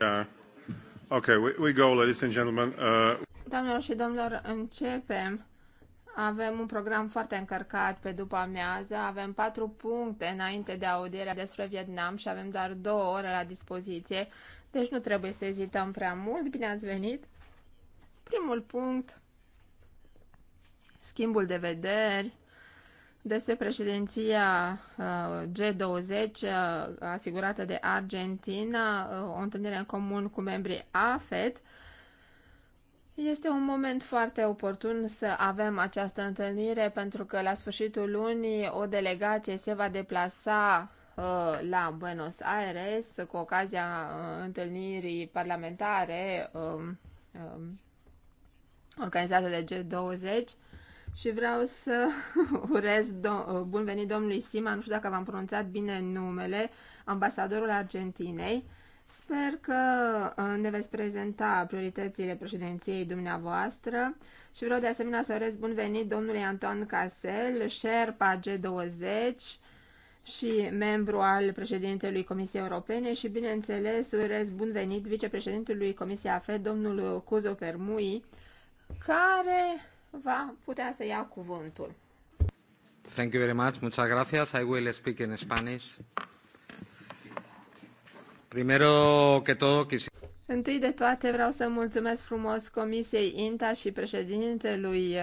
Uh, uh, Doamnelor și domnilor, începem. Avem un program foarte încărcat pe după amiază, avem patru puncte înainte de audierea despre Vietnam și avem doar două ore la dispoziție, deci nu trebuie să ezităm prea mult. Bine ați venit! Primul punct, schimbul de vederi despre președinția uh, G20 uh, asigurată de Argentina, uh, o întâlnire în comun cu membrii AFET. Este un moment foarte oportun să avem această întâlnire pentru că la sfârșitul lunii o delegație se va deplasa la Buenos Aires cu ocazia întâlnirii parlamentare um, um, organizată de G20 și vreau să urez bun venit domnului Sima, nu știu dacă v-am pronunțat bine numele, ambasadorul Argentinei. Sper că uh, ne veți prezenta prioritățile președinției dumneavoastră și vreau de asemenea să urez bun venit domnului Anton Casel, Sherpa G20 și membru al președintelui Comisiei Europene și, bineînțeles, urez bun venit vicepreședintelui Comisiei AFE, domnul Cuzo Permui, care va putea să ia cuvântul. Thank you very much. Muchas gracias. I will speak in Spanish. Primero que todo, quisiera... Întâi de toate vreau să mulțumesc frumos Comisiei INTA și președintelui uh,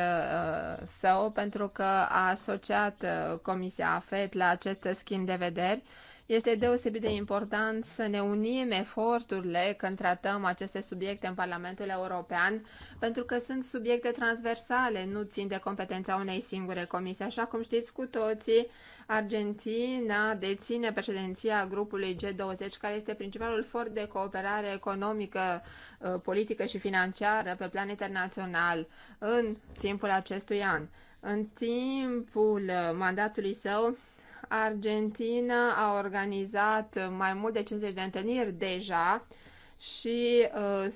uh său pentru că a asociat uh, Comisia AFET la acest schimb de vederi este deosebit de important să ne unim eforturile când tratăm aceste subiecte în Parlamentul European, pentru că sunt subiecte transversale, nu țin de competența unei singure comisii. Așa cum știți cu toții, Argentina deține președinția grupului G20, care este principalul for de cooperare economică, uh, politică și financiară pe plan internațional în timpul acestui an. În timpul uh, mandatului său, Argentina a organizat mai mult de 50 de întâlniri deja și uh,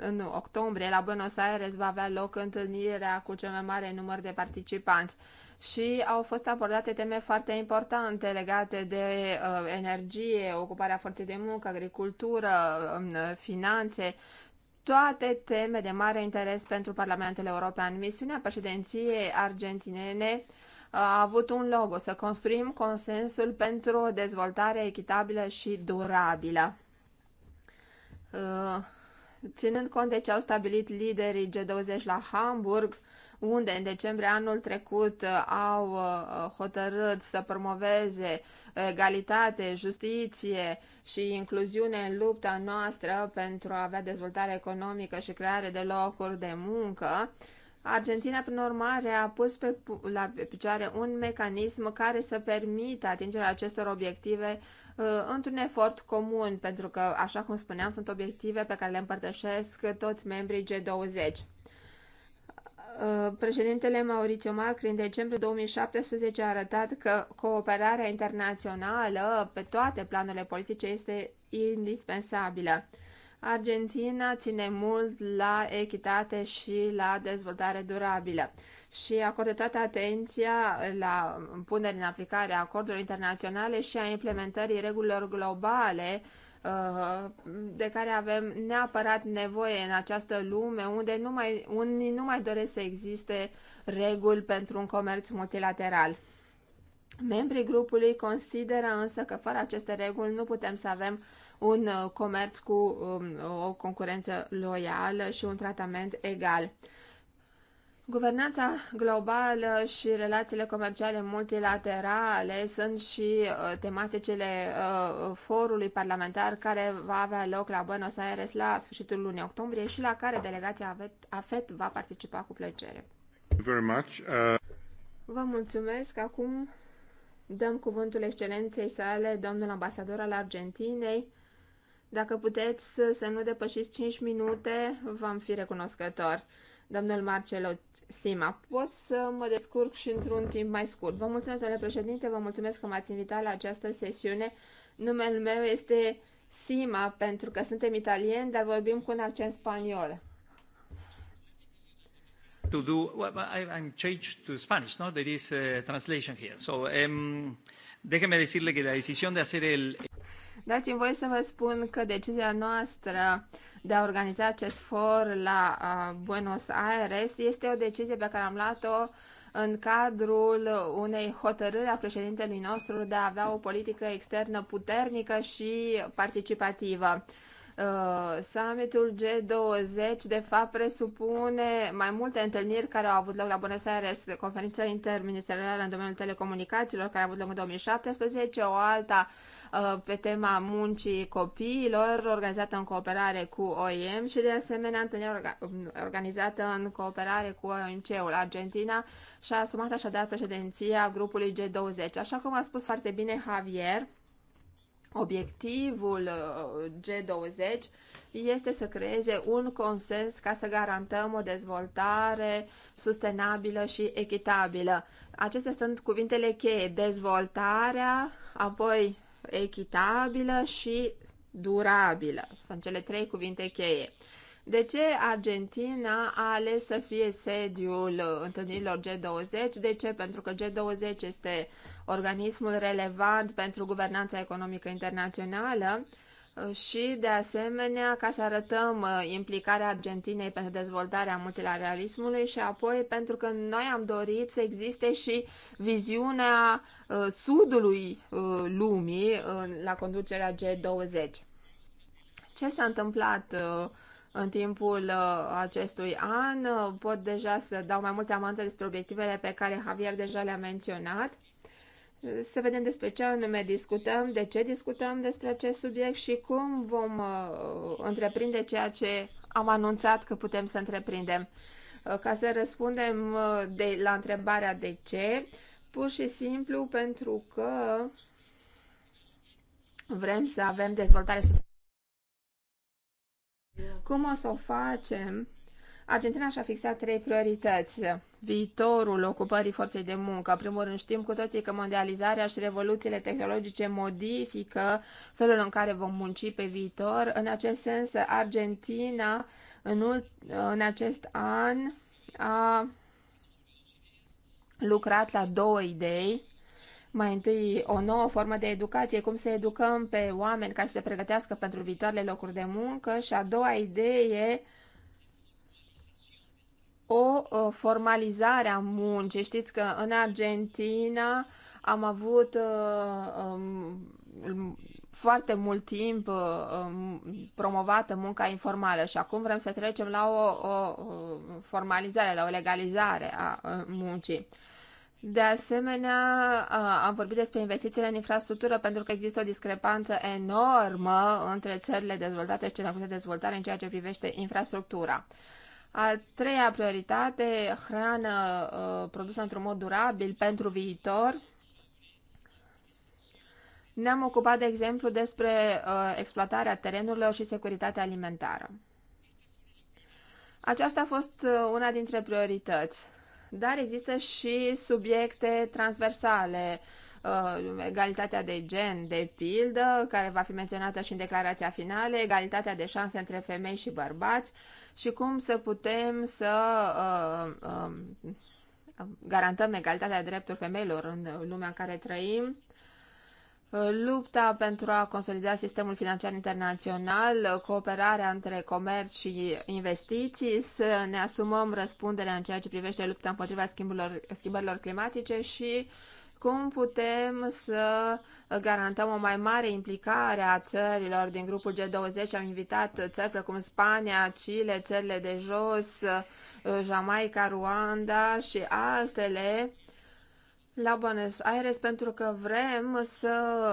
în octombrie la Buenos Aires va avea loc întâlnirea cu cel mai mare număr de participanți și au fost abordate teme foarte importante legate de uh, energie, ocuparea forței de muncă, agricultură, um, finanțe, toate teme de mare interes pentru Parlamentul European. Misiunea președinției argentinene a avut un logo, să construim consensul pentru o dezvoltare echitabilă și durabilă. Uh, ținând cont de ce au stabilit liderii G20 la Hamburg, unde în decembrie anul trecut uh, au uh, hotărât să promoveze egalitate, justiție și incluziune în lupta noastră pentru a avea dezvoltare economică și creare de locuri de muncă, Argentina, prin urmare, a pus pe, la pe picioare un mecanism care să permită atingerea acestor obiective uh, într-un efort comun, pentru că, așa cum spuneam, sunt obiective pe care le împărtășesc toți membrii G20. Uh, președintele Mauricio Macri în decembrie 2017 a arătat că cooperarea internațională pe toate planurile politice este indispensabilă. Argentina ține mult la echitate și la dezvoltare durabilă și acordă toată atenția la punerea în aplicare a acordurilor internaționale și a implementării regulilor globale uh, de care avem neapărat nevoie în această lume unde nu mai, unii nu mai doresc să existe reguli pentru un comerț multilateral. Membrii grupului consideră însă că fără aceste reguli nu putem să avem un uh, comerț cu um, o concurență loială și un tratament egal. Guvernanța globală și relațiile comerciale multilaterale sunt și uh, tematicele uh, forului parlamentar care va avea loc la Buenos Aires la sfârșitul lunii octombrie și la care delegația AFET va participa cu plăcere. Vă mulțumesc. Acum dăm cuvântul excelenței sale, domnul ambasador al Argentinei, dacă puteți să nu depășiți 5 minute, v-am fi recunoscător. Domnul Marcelo Sima, pot să mă descurc și într-un timp mai scurt. Vă mulțumesc, domnule președinte, vă mulțumesc că m-ați invitat la această sesiune. Numele meu este Sima, pentru că suntem italieni, dar vorbim cu un accent spaniol. To do, well, I, I'm changed to Spanish, no? There is a translation here. So, um, déjeme decirle que la decisión de hacer el... Dați-mi voi să vă spun că decizia noastră de a organiza acest for la Buenos Aires este o decizie pe care am luat-o în cadrul unei hotărâri a președintelui nostru de a avea o politică externă puternică și participativă. Uh, summitul G20 de fapt presupune mai multe întâlniri care au avut loc la Buenos Aires, conferința interministerială în domeniul telecomunicațiilor care a avut loc în 2017, o alta uh, pe tema muncii copiilor organizată în cooperare cu OIM și de asemenea întâlnirea organizată în cooperare cu OMC-ul Argentina și a asumat așadar președinția grupului G20. Așa cum a spus foarte bine Javier, Obiectivul uh, G20 este să creeze un consens ca să garantăm o dezvoltare sustenabilă și echitabilă. Acestea sunt cuvintele cheie, dezvoltarea, apoi echitabilă și durabilă. Sunt cele trei cuvinte cheie. De ce Argentina a ales să fie sediul întâlnirilor G20? De ce? Pentru că G20 este organismul relevant pentru guvernanța economică internațională și, de asemenea, ca să arătăm uh, implicarea Argentinei pentru dezvoltarea multilateralismului și apoi pentru că noi am dorit să existe și viziunea uh, sudului uh, lumii la conducerea G20. Ce s-a întâmplat în timpul uh, acestui an. Uh, pot deja să dau mai multe amante despre obiectivele pe care Javier deja le-a menționat. Uh, să vedem despre ce anume discutăm, de ce discutăm despre acest subiect și cum vom întreprinde ceea ce am anunțat că putem să întreprindem. Ca să răspundem de, la întrebarea de ce, pur și simplu pentru că vrem să avem dezvoltare sustenabilă cum o să o facem? Argentina și-a fixat trei priorități. Viitorul ocupării forței de muncă. Primul rând știm cu toții că mondializarea și revoluțiile tehnologice modifică felul în care vom munci pe viitor. În acest sens, Argentina în, în acest an a lucrat la două idei mai întâi o nouă formă de educație, cum să educăm pe oameni ca să se pregătească pentru viitoarele locuri de muncă și a doua idee o formalizare a muncii. Știți că în Argentina am avut uh, um, foarte mult timp uh, um, promovată munca informală și acum vrem să trecem la o, o formalizare, la o legalizare a uh, muncii. De asemenea, am vorbit despre investițiile în infrastructură pentru că există o discrepanță enormă între țările dezvoltate și cele cu de dezvoltare în ceea ce privește infrastructura. A treia prioritate, hrană produsă într-un mod durabil pentru viitor. Ne-am ocupat, de exemplu, despre exploatarea terenurilor și securitatea alimentară. Aceasta a fost una dintre priorități dar există și subiecte transversale, uh, egalitatea de gen, de pildă, care va fi menționată și în declarația finală, egalitatea de șanse între femei și bărbați și cum să putem să uh, uh, garantăm egalitatea drepturilor femeilor în lumea în care trăim lupta pentru a consolida sistemul financiar internațional, cooperarea între comerț și investiții, să ne asumăm răspunderea în ceea ce privește lupta împotriva schimbărilor climatice și cum putem să garantăm o mai mare implicare a țărilor din grupul G20. Am invitat țări precum Spania, Chile, țările de jos, Jamaica, Ruanda și altele la Buenos Aires pentru că vrem să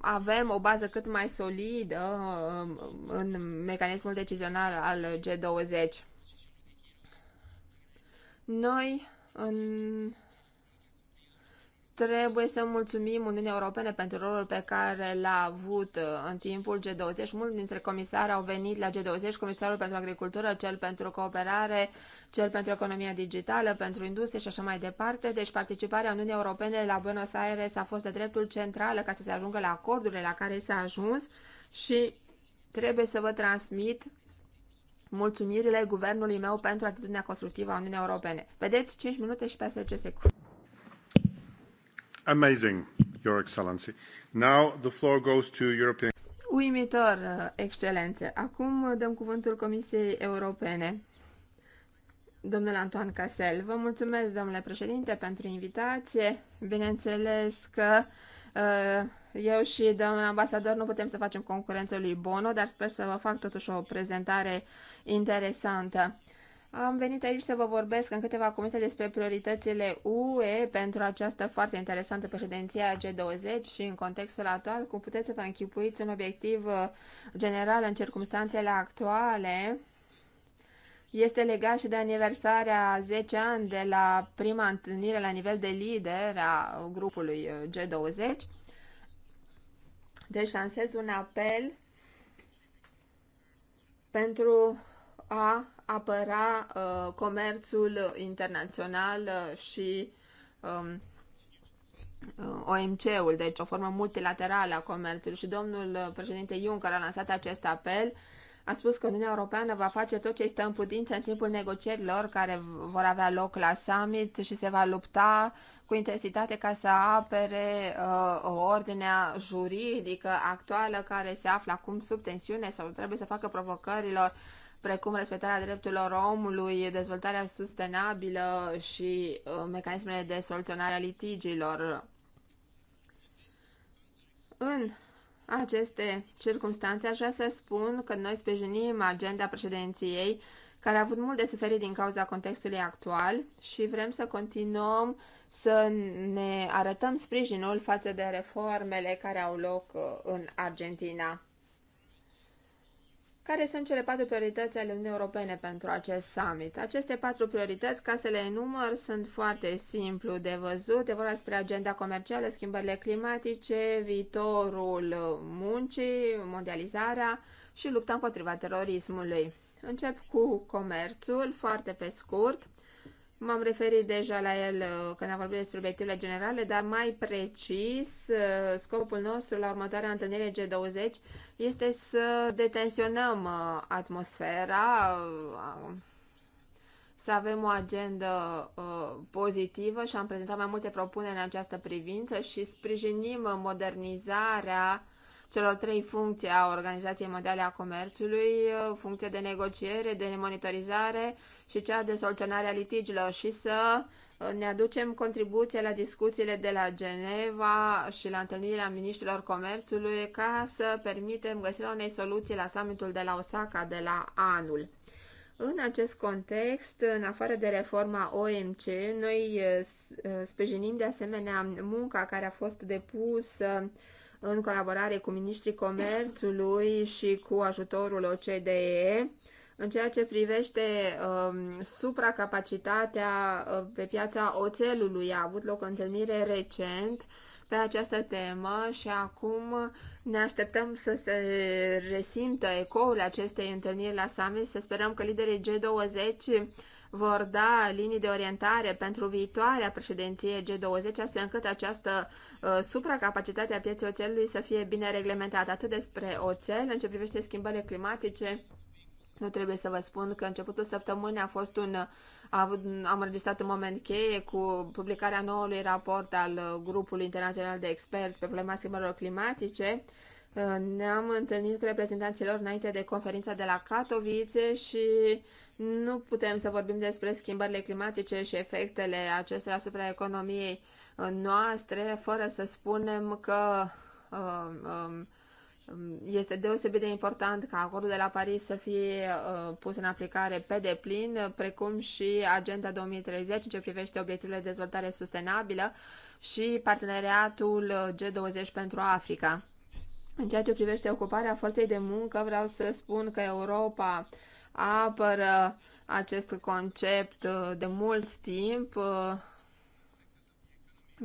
avem o bază cât mai solidă um, în mecanismul decizional al G20. Noi în Trebuie să mulțumim Uniunii Europene pentru rolul pe care l-a avut uh, în timpul G20. Mulți dintre comisari au venit la G20, comisarul pentru agricultură, cel pentru cooperare, cel pentru economia digitală, pentru industrie și așa mai departe. Deci participarea Uniunii Europene la Buenos Aires a fost de dreptul central, ca să se ajungă la acordurile la care s-a ajuns și trebuie să vă transmit mulțumirile guvernului meu pentru atitudinea constructivă a Uniunii Europene. Vedeți 5 minute și 14 secunde. Amazing, Your Excellency. Now the floor goes to European... Uimitor, uh, excelențe. Acum uh, dăm cuvântul Comisiei Europene. Domnul Antoan Casel, vă mulțumesc, domnule președinte, pentru invitație. Bineînțeles că uh, eu și domnul ambasador nu putem să facem concurență lui Bono, dar sper să vă fac totuși o prezentare interesantă. Am venit aici să vă vorbesc în câteva cuvinte despre prioritățile UE pentru această foarte interesantă președinție a G20 și în contextul actual, cum puteți să vă închipuiți un obiectiv uh, general în circumstanțele actuale, este legat și de aniversarea 10 ani de la prima întâlnire la nivel de lider a grupului uh, G20. Deci lansez un apel pentru a apăra uh, comerțul internațional uh, și um, uh, OMC-ul, deci o formă multilaterală a comerțului și domnul uh, președinte Juncker a lansat acest apel, a spus că Uniunea Europeană va face tot ce este în putință în timpul negocierilor care vor avea loc la summit și se va lupta cu intensitate ca să apere uh, ordinea juridică actuală care se află acum sub tensiune sau trebuie să facă provocărilor uh, precum respectarea drepturilor omului, dezvoltarea sustenabilă și uh, mecanismele de soluționare a litigiilor. În aceste circunstanțe, aș vrea să spun că noi sprijinim agenda președinției, care a avut mult de suferit din cauza contextului actual și vrem să continuăm să ne arătăm sprijinul față de reformele care au loc uh, în Argentina. Care sunt cele patru priorități ale Uniunii Europene pentru acest summit? Aceste patru priorități, ca să le enumăr, sunt foarte simplu de văzut. E vorba despre agenda comercială, schimbările climatice, viitorul muncii, mondializarea și lupta împotriva terorismului. Încep cu comerțul, foarte pe scurt. M-am referit deja la el uh, când am vorbit despre obiectivele generale, dar mai precis, uh, scopul nostru la următoarea întâlnire G20 este să detensionăm uh, atmosfera, să avem o agendă pozitivă și am prezentat mai multe propuneri în această privință și sprijinim modernizarea celor trei funcții a Organizației Mondiale a Comerțului, uh, funcția de negociere, de monitorizare și cea de soluționare a litigilor și să uh, ne aducem contribuție la discuțiile de la Geneva și la întâlnirea ministrilor comerțului ca să permitem găsirea unei soluții la summitul de la Osaka de la anul. În acest context, în afară de reforma OMC, noi uh, sprijinim de asemenea munca care a fost depusă în colaborare cu ministrii comerțului și cu ajutorul OCDE în ceea ce privește um, supracapacitatea uh, pe piața oțelului. A avut loc o întâlnire recent pe această temă și acum ne așteptăm să se resimtă ecoul acestei întâlniri la summit. Să sperăm că liderii G20 vor da linii de orientare pentru viitoarea președinție G20, astfel încât această uh, supracapacitate a pieței oțelului să fie bine reglementată. Atât despre oțel, în ce privește schimbările climatice, nu trebuie să vă spun că începutul săptămânii a fost un am înregistrat un moment cheie cu publicarea noului raport al uh, grupului internațional de experți pe problema schimbărilor climatice. Uh, ne-am întâlnit cu reprezentanților înainte de conferința de la Katowice și nu putem să vorbim despre schimbările climatice și efectele acestora asupra economiei uh, noastre fără să spunem că um, um, um, este deosebit de important ca acordul de la Paris să fie uh, pus în aplicare pe deplin, precum și Agenda 2030 în ce privește obiectivele de dezvoltare sustenabilă și parteneriatul uh, G20 pentru Africa. În ceea ce privește ocuparea forței de muncă, vreau să spun că Europa apără acest concept uh, de mult timp. Uh,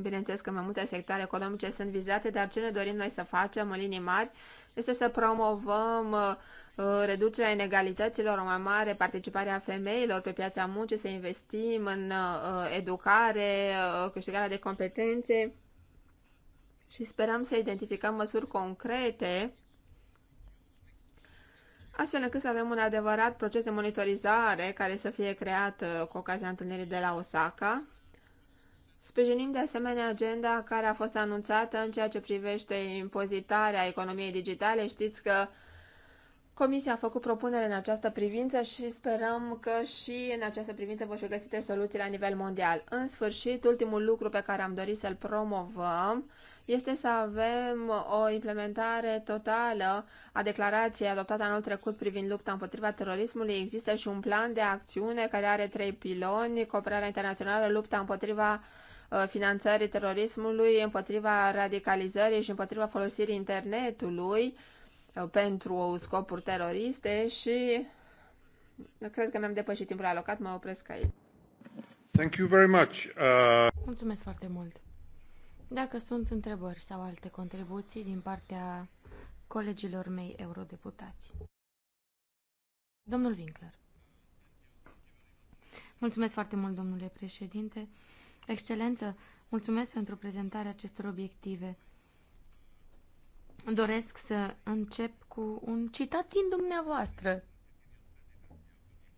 bineînțeles că mai multe sectoare economice sunt vizate, dar ce ne dorim noi să facem în linii mari este să promovăm uh, reducerea inegalităților, o mai mare participare a femeilor pe piața muncii, să investim în educare, câștigarea de competențe și sperăm să identificăm măsuri concrete astfel încât să avem un adevărat proces de monitorizare care să fie creat uh, cu ocazia întâlnirii de la Osaka. Sprijinim de asemenea agenda care a fost anunțată în ceea ce privește impozitarea economiei digitale. Știți că Comisia a făcut propunere în această privință și sperăm că și în această privință vor fi găsite soluții la nivel mondial. În sfârșit, ultimul lucru pe care am dorit să-l promovăm este să avem o implementare totală a declarației adoptată anul trecut privind lupta împotriva terorismului. Există și un plan de acțiune care are trei piloni, cooperarea internațională, lupta împotriva uh, finanțării terorismului, împotriva radicalizării și împotriva folosirii internetului Uh, pentru scopuri teroriste și cred că mi-am depășit timpul alocat, mă opresc aici. Thank you very much. Uh... Mulțumesc foarte mult. Dacă sunt întrebări sau alte contribuții din partea colegilor mei eurodeputați. Domnul Winkler. Mulțumesc foarte mult, domnule președinte. Excelență, mulțumesc pentru prezentarea acestor obiective doresc să încep cu un citat din dumneavoastră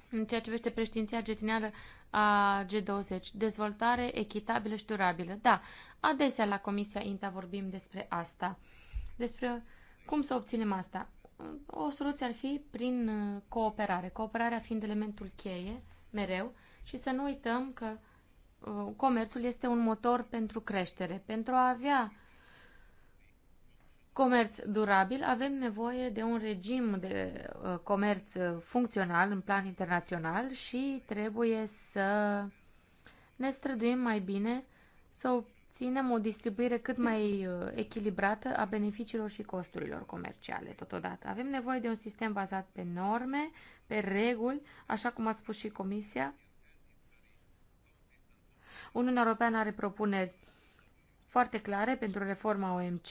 în ceea ce vește președinția argentiniană a G20. Dezvoltare echitabilă și durabilă. Da, adesea la Comisia INTA vorbim despre asta. Despre cum să obținem asta. O soluție ar fi prin uh, cooperare. Cooperarea fiind elementul cheie, mereu, și să nu uităm că uh, comerțul este un motor pentru creștere, pentru a avea comerț durabil, avem nevoie de un regim de uh, comerț uh, funcțional în plan internațional și trebuie să ne străduim mai bine să obținem o distribuire cât mai uh, echilibrată a beneficiilor și costurilor comerciale totodată. Avem nevoie de un sistem bazat pe norme, pe reguli, așa cum a spus și Comisia. Uniunea Europeană are propuneri foarte clare pentru reforma OMC,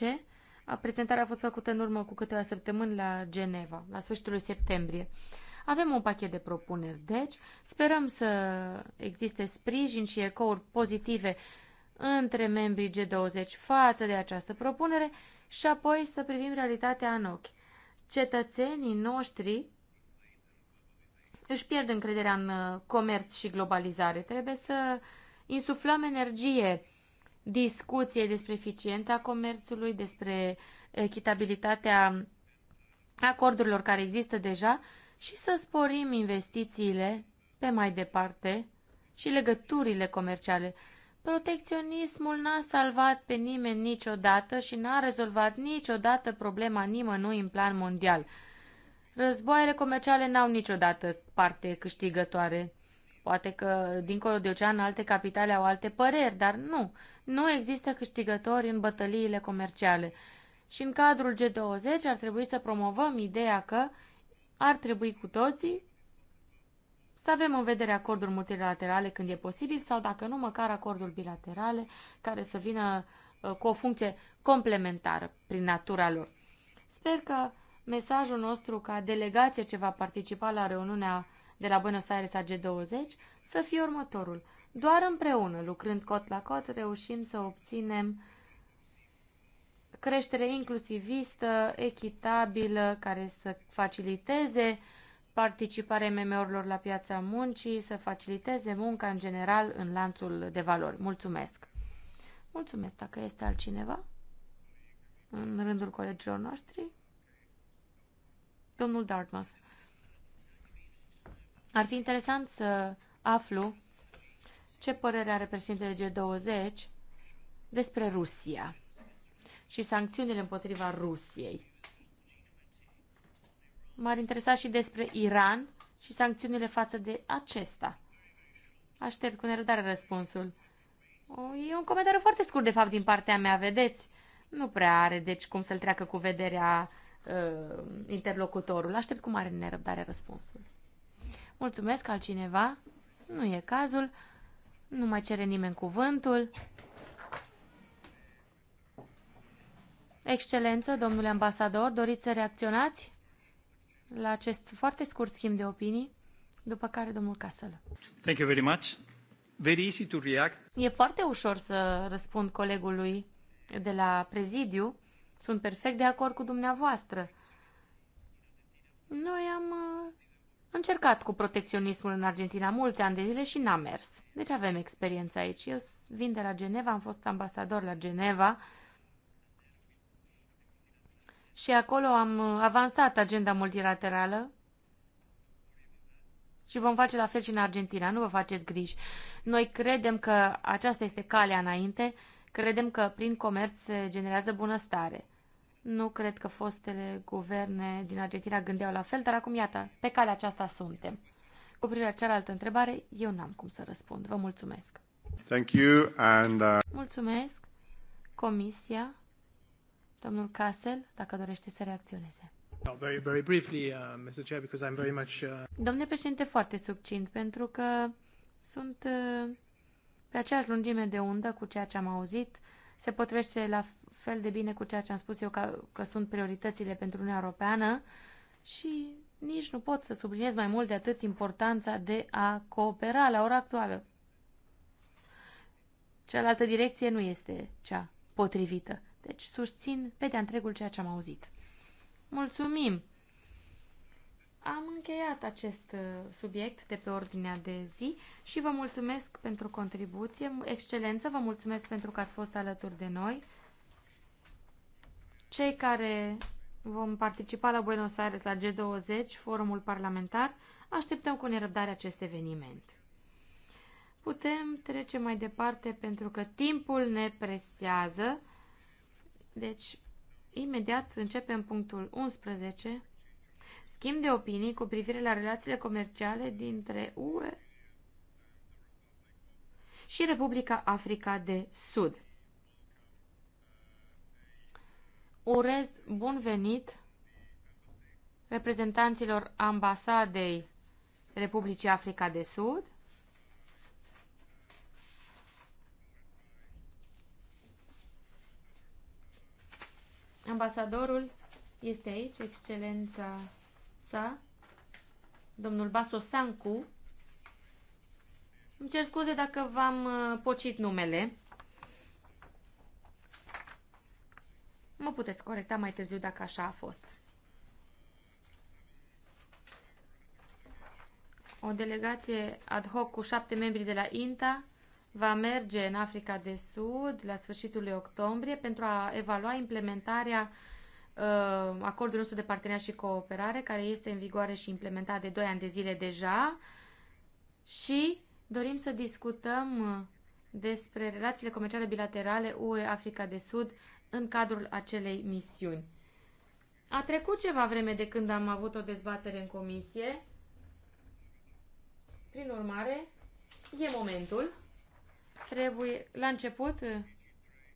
Prezentarea a fost făcută în urmă cu câteva săptămâni la Geneva, la sfârșitul septembrie. Avem un pachet de propuneri, deci sperăm să existe sprijin și ecouri pozitive între membrii G20 față de această propunere și apoi să privim realitatea în ochi. Cetățenii noștri își pierd încrederea în comerț și globalizare. Trebuie să insuflăm energie discuție despre eficiența comerțului, despre echitabilitatea acordurilor care există deja și să sporim investițiile pe mai departe și legăturile comerciale. Protecționismul n-a salvat pe nimeni niciodată și n-a rezolvat niciodată problema nimănui în plan mondial. Războaiele comerciale n-au niciodată parte câștigătoare. Poate că, dincolo de ocean, alte capitale au alte păreri, dar nu nu există câștigători în bătăliile comerciale. Și în cadrul G20 ar trebui să promovăm ideea că ar trebui cu toții să avem în vedere acorduri multilaterale când e posibil sau, dacă nu, măcar acorduri bilaterale care să vină uh, cu o funcție complementară prin natura lor. Sper că mesajul nostru ca delegație ce va participa la reuniunea de la Buenos Aires a G20 să fie următorul. Doar împreună, lucrând cot la cot, reușim să obținem creștere inclusivistă, echitabilă, care să faciliteze participarea MM-urilor la piața muncii, să faciliteze munca în general în lanțul de valori. Mulțumesc! Mulțumesc dacă este altcineva în rândul colegilor noștri. Domnul Dartmouth. Ar fi interesant să aflu ce părere are președintele G20 despre Rusia și sancțiunile împotriva Rusiei. M-ar interesa și despre Iran și sancțiunile față de acesta. Aștept cu nerăbdare răspunsul. E un comentariu foarte scurt, de fapt, din partea mea, vedeți? Nu prea are, deci, cum să-l treacă cu vederea uh, interlocutorul. Aștept cu mare nerăbdare răspunsul. Mulțumesc, altcineva? Nu e cazul. Nu mai cere nimeni cuvântul. Excelență, domnule ambasador, doriți să reacționați la acest foarte scurt schimb de opinii, după care domnul Castle. Thank you very much. Very easy to react. E foarte ușor să răspund colegului de la prezidiu. Sunt perfect de acord cu dumneavoastră. Noi am uh, încercat cu protecționismul în Argentina mulți ani de zile și n-a mers. Deci avem experiență aici. Eu vin de la Geneva, am fost ambasador la Geneva și acolo am avansat agenda multilaterală și vom face la fel și în Argentina. Nu vă faceți griji. Noi credem că aceasta este calea înainte, credem că prin comerț se generează bunăstare. Nu cred că fostele guverne din Argentina gândeau la fel, dar acum, iată, pe calea aceasta suntem. Cu privire la cealaltă întrebare, eu n-am cum să răspund. Vă mulțumesc. Thank you and, uh... Mulțumesc. Comisia, domnul Casel, dacă dorește să reacționeze. very, very briefly, uh, Mr. Chair, because I'm very much... Uh, Domnule președinte, foarte succint, pentru că sunt uh, pe aceeași lungime de undă cu ceea ce am auzit. Se potrivește la fel de bine cu ceea ce am spus eu că, că sunt prioritățile pentru Uniunea Europeană și nici nu pot să subliniez mai mult de atât importanța de a coopera la ora actuală. Cealaltă direcție nu este cea potrivită. Deci susțin pe de întregul ceea ce am auzit. Mulțumim! Am încheiat acest uh, subiect de pe ordinea de zi și vă mulțumesc pentru contribuție. Excelență, vă mulțumesc pentru că ați fost alături de noi. Cei care vom participa la Buenos Aires la G20, forumul parlamentar, așteptăm cu nerăbdare acest eveniment. Putem trece mai departe pentru că timpul ne presează. Deci, imediat începem punctul 11. Schimb de opinii cu privire la relațiile comerciale dintre UE și Republica Africa de Sud. Urez bun venit reprezentanților ambasadei Republicii Africa de Sud. Ambasadorul este aici, excelența sa, domnul Baso Sancu. Îmi cer scuze dacă v-am uh, pocit numele. Mă puteți corecta mai târziu dacă așa a fost. O delegație ad hoc cu șapte membri de la INTA va merge în Africa de Sud la sfârșitul lui octombrie pentru a evalua implementarea uh, acordului nostru de parteneriat și cooperare, care este în vigoare și implementat de 2 ani de zile deja și dorim să discutăm uh, despre relațiile comerciale bilaterale UE-Africa de Sud în cadrul acelei misiuni. A trecut ceva vreme de când am avut o dezbatere în comisie. Prin urmare, e momentul. Trebuie, la început,